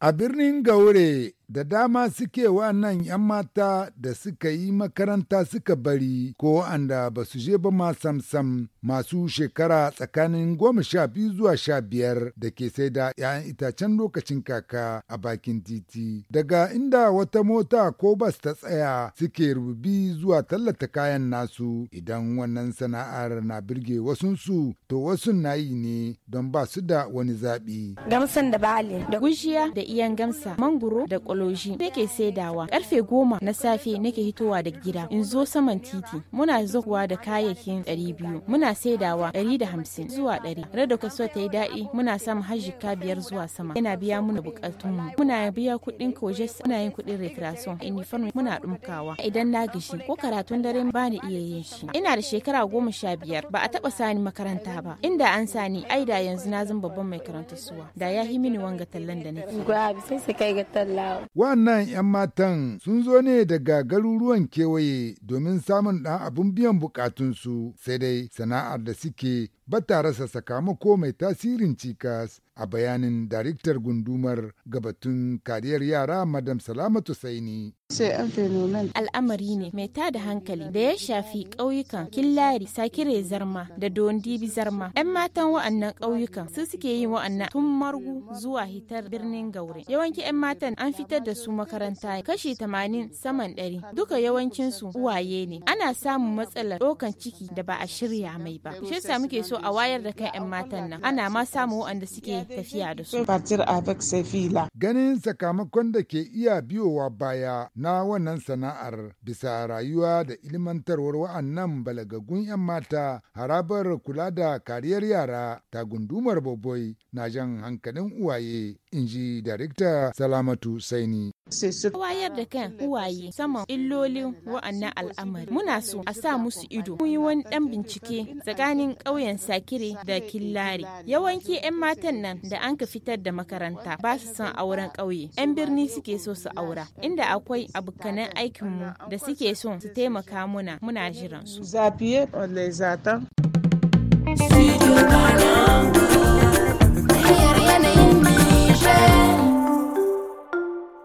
A birnin Gaure da dama suke wa nan 'yan mata da suka yi makaranta suka bari ko wa'anda ba su je ba ma samsam masu shekara tsakanin goma sha biyu zuwa sha biyar da ke sai da 'ya'yan itacen lokacin kaka a bakin titi daga inda wata mota ko bas ta tsaya suke rubi zuwa tallata kayan nasu idan wannan sana'ar na birge wasunsu to wasu na yi ne don ba su da wani zaɓi. gamsan da bali da gushiya da iyan gamsa mangoro da kwaloji nake saidawa karfe goma na safe nake hitowa da gida in zo saman titi muna zuwa da kayayyakin ɗari biyu muna saidawa ɗari da hamsin zuwa ɗari rada kaso ta yi daɗi muna samun hajjika biyar zuwa sama yana biya muna mu muna biya kuɗin kojes muna yin kuɗin a uniform muna ɗumkawa idan na gashi ko karatun dare ba ni iya yin shi ina da shekara goma sha biyar ba a taɓa sani makaranta ba inda an sani ai da yanzu na zan babban mai karanta suwa da ya hi mini wanga tallan da nake. Gwa bisa kai ga tallawa. Wannan 'yan matan sun zo ne daga garuruwan kewaye domin samun ɗan abin biyan bukatunsu sai dai sana'ar da suke ba ta rasa sakamako mai tasirin cikas a bayanin daraktar gundumar gabatun kariyar yara madam salamatu saini al'amari ne mai ta da hankali da ya shafi ƙauyukan killari sakire zarma da dondibi zarma 'yan matan wa'annan ƙauyukan su suke yin wa'annan tun margu zuwa hitar birnin gaure yawanci 'yan matan an fitar da su makaranta kashi tamanin saman 100 duka yawancinsu uwaye ne ana samun matsalar ɗaukan ciki da ba a shirya mai ba shi yasa muke so a wayar da kai 'yan matan nan ana ma samu waɗanda suke tafiya da su. Ganin sakamakon da ke iya biyowa baya na wannan sana'ar bisa rayuwa da ilmantarwar wa'annan balagagun 'yan mata harabar kula da kariyar yara ta gundumar boboi na jan hankalin uwaye in ji Darekta Salamatu Saini. Wayar da kan uwaye saman illolin wa'annan al'amari. Muna so a sa musu ido. Mun yi wani ɗan bincike tsakanin ƙauyen sakire da Killari. Yawanci 'yan matan nan da an ka fitar da makaranta ba su son auren ƙauye. 'Yan birni suke so su aura, inda akwai abokanan aikinmu da suke so su taimaka muna muna jiran su. Zafiye, on les attend.